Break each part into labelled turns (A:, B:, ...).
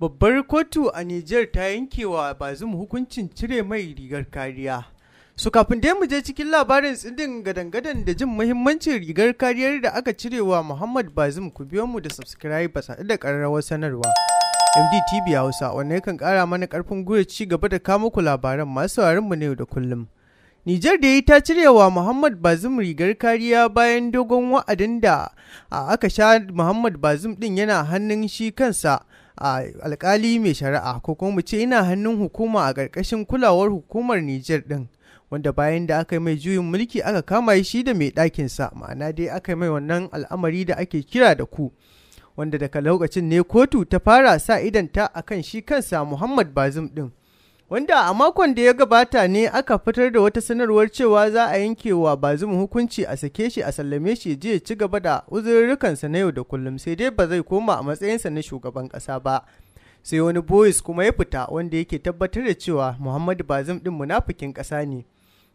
A: Babbar kotu a Nijar ta yanke wa Bazum hukuncin cire mai rigar kariya. Su kafin dai mu je cikin labarin tsindin gadangadan da jin muhimmancin rigar kariyar da aka cirewa Muhammad Bazum ku biyo mu da subscribe a da ƙararrawar sanarwa. MDTV Hausa wannan yakan ƙara mana ƙarfin gwiwa ci gaba da kamo ku labaran masu mu ne da kullum. Nijar da ya ta cirewa Muhammad Bazum rigar kariya bayan dogon wa'adin da aka sha Muhammad Bazum din yana hannun shi kansa a alkali mai shari'a ko kuma mu ce yana hannun hukuma a ƙarƙashin kulawar hukumar Nijar din. wanda bayan da aka mai juyin mulki aka kama shi da mai ɗakinsa ma'ana dai aka mai wannan al'amari da ake kira da ku wanda daga lokacin ne kotu ta fara sa ta akan shi kansa muhammad bazum ɗin wanda a makon da ya gabata ne aka fitar da wata sanarwar cewa za a yanke wa bazum hukunci a sake shi a sallame shi je ci gaba da uzurrukansa na yau da kullum sai dai ba zai koma a matsayinsa na shugaban kasa ba sai wani boys kuma ya fita wanda yake tabbatar da cewa muhammadu bazum din munafikin kasa ne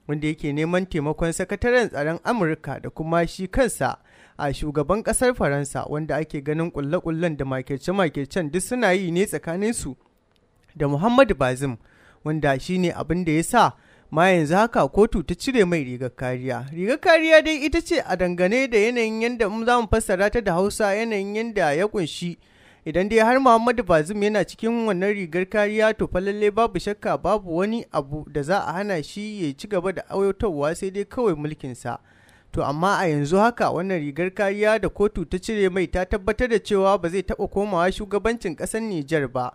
A: wanda yake neman taimakon sakataren tsaron amurka da kuma shi kansa a shugaban kasar faransa wanda ake ganin kulle-kullen da makirce-makircen duk suna yi ne tsakaninsu da muhammadu bazum wanda ne abin da ya sa ma yanzu haka kotu ta cire mai rigar kariya rigar kariya dai ita ce a dangane da yanayin yadda mu za mu fassara ta da hausa yanayin yadda ya kunshi idan dai har muhammadu bazum yana cikin wannan rigar kariya to fa babu shakka babu wani abu da za a hana shi ya ci gaba da auyotarwa sai dai kawai mulkin sa to amma a yanzu haka wannan rigar kariya da kotu ta cire mai ta tabbatar da cewa ba zai taɓa komawa shugabancin ƙasar nijar ba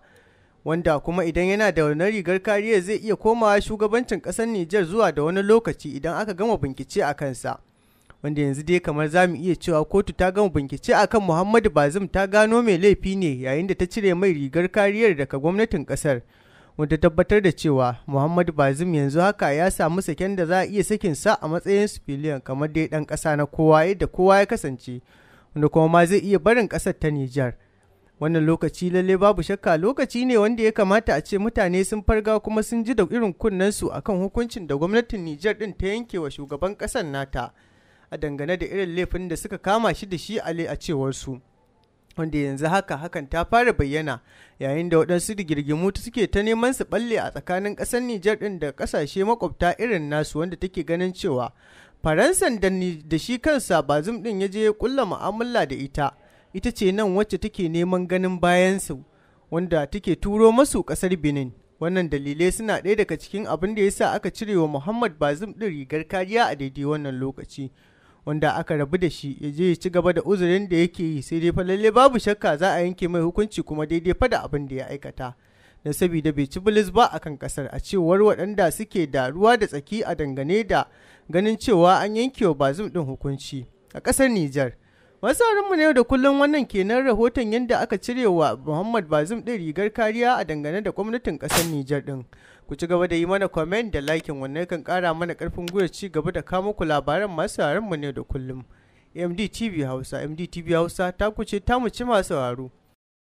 A: wanda kuma idan yana da wani rigar kariya zai iya komawa shugabancin kasar Nijar zuwa da wani lokaci idan aka gama bincike a kansa. Wanda yanzu dai kamar za mu iya cewa kotu ta gama bincike a kan Muhammadu Bazum ta gano mai laifi ne yayin da ta cire mai rigar kariyar daga gwamnatin ƙasar. Wanda tabbatar da cewa Muhammadu Bazum yanzu haka ya samu saken da za a iya sakin sa a matsayin sifiliyan kamar dai dan kasa na kowa yadda kowa ya kasance. Wanda kuma ma zai iya barin ƙasar ta Nijar. wannan lokaci lalle babu shakka lokaci ne wanda ya kamata a ce mutane sun farga kuma sun ji da irin kunnensu kan hukuncin da gwamnatin Nijar din ta yanke wa shugaban ƙasar nata a dangane da irin laifin da suka kama shi da shi a cewar su wanda yanzu haka hakan ta fara bayyana yayin da waɗansu digirgimu suke ta neman su balle a tsakanin ƙasar Nijar din da ƙasashe makwabta irin nasu wanda take ganin cewa Faransan da shi kansa bazum din ya je ya kulla mu'amala da ita ita ce nan wacce take neman ganin bayansu wanda take turo masu kasar benin wannan dalilai suna ɗaya daga cikin abin da ya sa aka cire wa muhammad bazum ɗin rigar kariya a daidai wannan lokaci wanda aka rabu da shi ya je ya ci gaba da uzurin da yake yi sai dai fa babu shakka za a yanke mai hukunci kuma daidai fa da abin da ya aikata na saboda bai ci bilis ba akan kasar a cewar waɗanda suke da ruwa da tsaki a dangane da ganin cewa an yanke wa bazum ɗin hukunci a kasar Nijar. Masu mu ne da kullum wannan kenan rahoton yadda aka cire wa Muhammad Bazum ɗin rigar kariya a dangane da gwamnatin ƙasar Nijar ɗin. Ku ci gaba da yi mana comment da likin wannan kan ƙara mana ƙarfin gwiwa ci gaba da kamo ku labaran masu mu ne da kullum. tv Hausa, md tv Hausa ta kuce ta mu ci masu